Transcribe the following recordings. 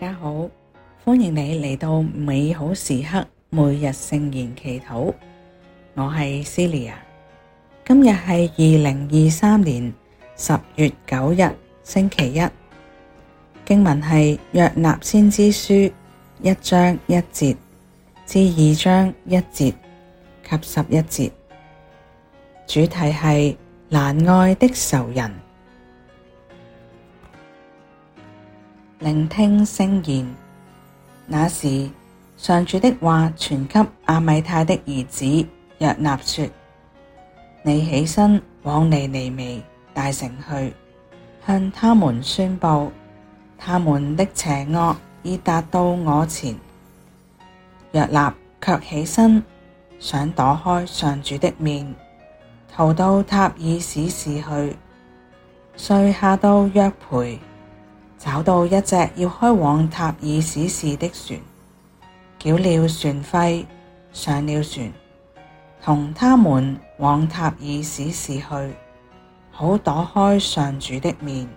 大家好，歡迎你嚟到美好時刻每日聖言祈禱。我係 Silia，今日係二零二三年十月九日星期一。經文係約納先知書一章一節至二章一節及十一節，主題係難愛的仇人。聆聽聖言，那時上主的話傳給阿米泰的兒子約納說：你起身往尼尼微大城去，向他們宣布，他們的邪惡已達到我前。約納卻起身，想躲開上主的面，逃到塔爾史士去，遂下到約培。找到一隻要開往塔爾史士的船，繳了船費，上了船，同他們往塔爾史士去，好躲開上主的面。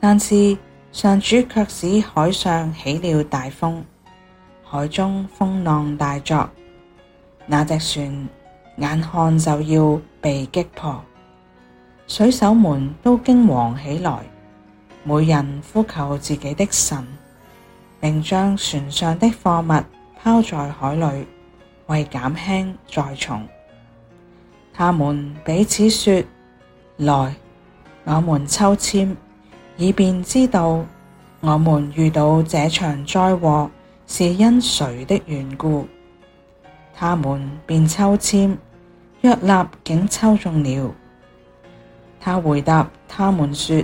但是上主卻使海上起了大風，海中風浪大作，那隻船眼看就要被擊破，水手們都驚惶起來。每人呼求自己的神，並將船上的貨物拋在海裏，為減輕載重。他們彼此說：來，我們抽籤，以便知道我們遇到這場災禍是因誰的緣故。他們便抽籤，約納竟抽中了。他回答他們說：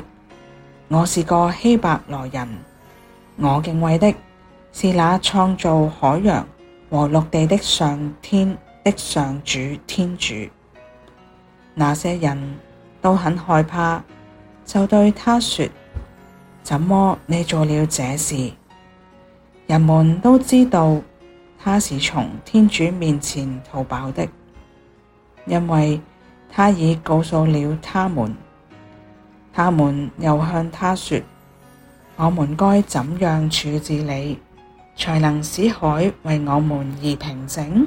我是個希伯來人，我敬畏的是那創造海洋和陸地的上天的上主天主。那些人都很害怕，就對他說：「怎麼你做了這事？人們都知道他是從天主面前逃跑的，因為他已告訴了他們。他們又向他說，我們該怎樣處置你，才能使海為我們而平靜？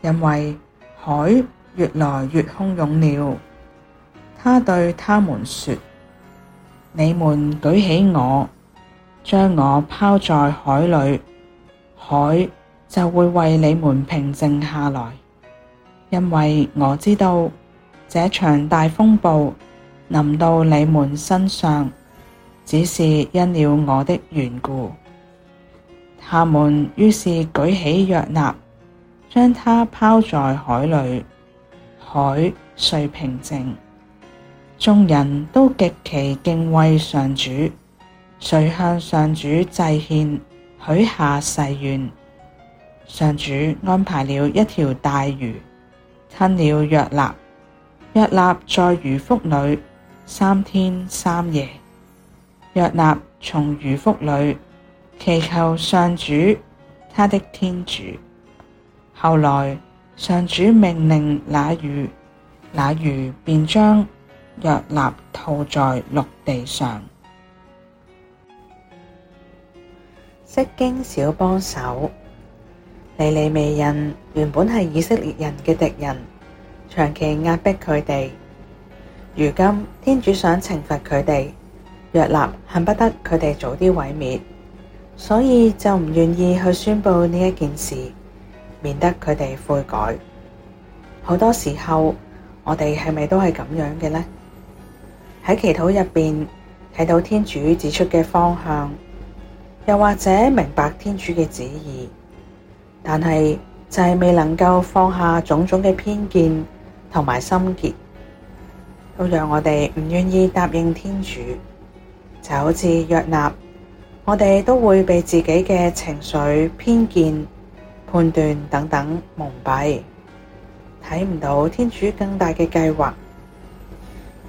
因為海越來越洶湧了。他對他們說：「你們舉起我，將我拋在海裡，海就會為你們平靜下來。因為我知道這場大風暴。臨到你們身上，只是因了我的緣故。他們於是舉起約納，將他拋在海裡，海遂平靜。眾人都極其敬畏上主，遂向上主祭獻，許下誓願。上主安排了一條大魚吞了約納，約納在魚腹裏，三天三夜，約納從魚腹裏祈求上主，他的天主。後來上主命令那魚，那魚便將約納吐在陸地上。釋經小幫手，尼尼微人原本係以色列人嘅敵人，長期壓迫佢哋。如今天主想懲罰佢哋，約納恨不得佢哋早啲毀滅，所以就唔願意去宣布呢一件事，免得佢哋悔改。好多時候，我哋係咪都係咁樣嘅咧？喺祈禱入邊睇到天主指出嘅方向，又或者明白天主嘅旨意，但係就係未能夠放下種種嘅偏見同埋心結。都讓我哋唔願意答應天主，就是、好似約納，我哋都會被自己嘅情緒、偏見、判斷等等蒙蔽，睇唔到天主更大嘅計劃。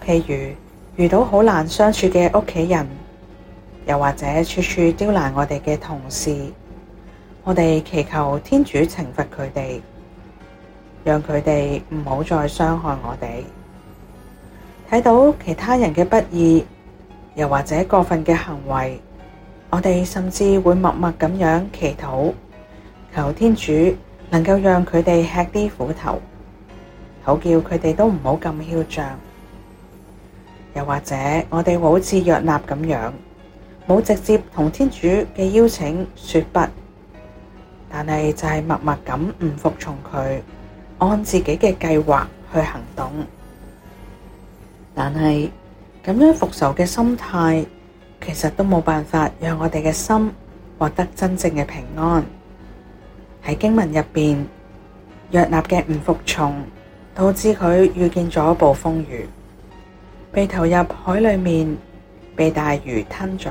譬如遇到好難相處嘅屋企人，又或者處處刁難我哋嘅同事，我哋祈求天主懲罰佢哋，讓佢哋唔好再傷害我哋。睇到其他人嘅不義，又或者過分嘅行為，我哋甚至會默默咁樣祈禱，求天主能夠讓佢哋吃啲苦頭，好叫佢哋都唔好咁囂張。又或者我哋好似約納咁樣，冇直接同天主嘅邀請說不，但係就係默默咁唔服從佢，按自己嘅計劃去行動。但係咁樣復仇嘅心態，其實都冇辦法讓我哋嘅心獲得真正嘅平安。喺經文入邊，約納嘅唔服從導致佢遇見咗暴風雨，被投入海裏面，被大魚吞咗。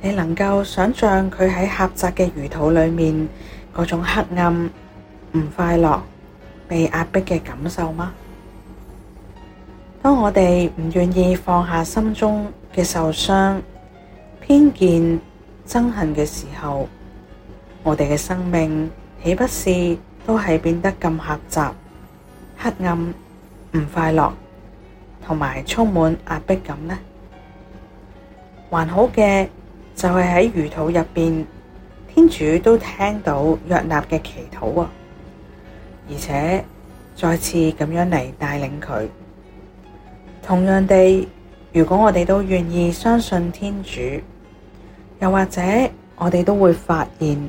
你能夠想象佢喺狹窄嘅魚肚裏面嗰種黑暗、唔快樂、被壓迫嘅感受嗎？當我哋唔願意放下心中嘅受傷、偏見、憎恨嘅時候，我哋嘅生命豈不是都係變得咁狹窄、黑暗、唔快樂，同埋充滿壓迫感呢？還好嘅就係喺魚肚入邊，天主都聽到約納嘅祈禱啊！而且再次咁樣嚟帶領佢。同樣地，如果我哋都願意相信天主，又或者我哋都會發現，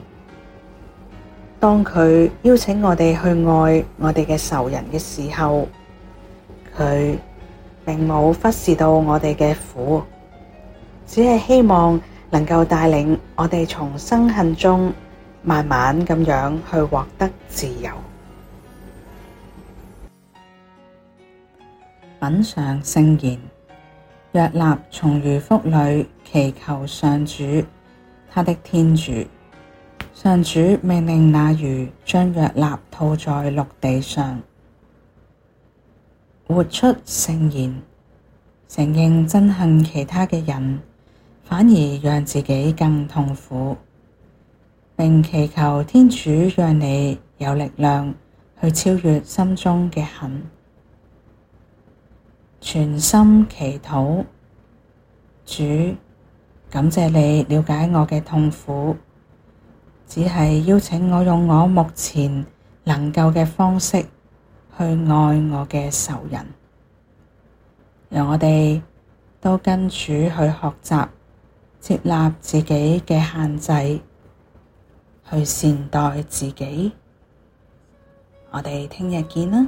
當佢邀請我哋去愛我哋嘅仇人嘅時候，佢並冇忽視到我哋嘅苦，只係希望能夠帶領我哋從憎恨中慢慢咁樣去獲得自由。品嚐聖言，約納從魚腹裏祈求上主，他的天主。上主命令那魚將約納吐在陸地上。活出聖言，承認憎恨其他嘅人，反而讓自己更痛苦，並祈求天主讓你有力量去超越心中嘅恨。全心祈禱，主，感謝你了解我嘅痛苦，只係邀請我用我目前能夠嘅方式去愛我嘅仇人。讓我哋都跟主去學習，接納自己嘅限制，去善待自己。我哋聽日見啦！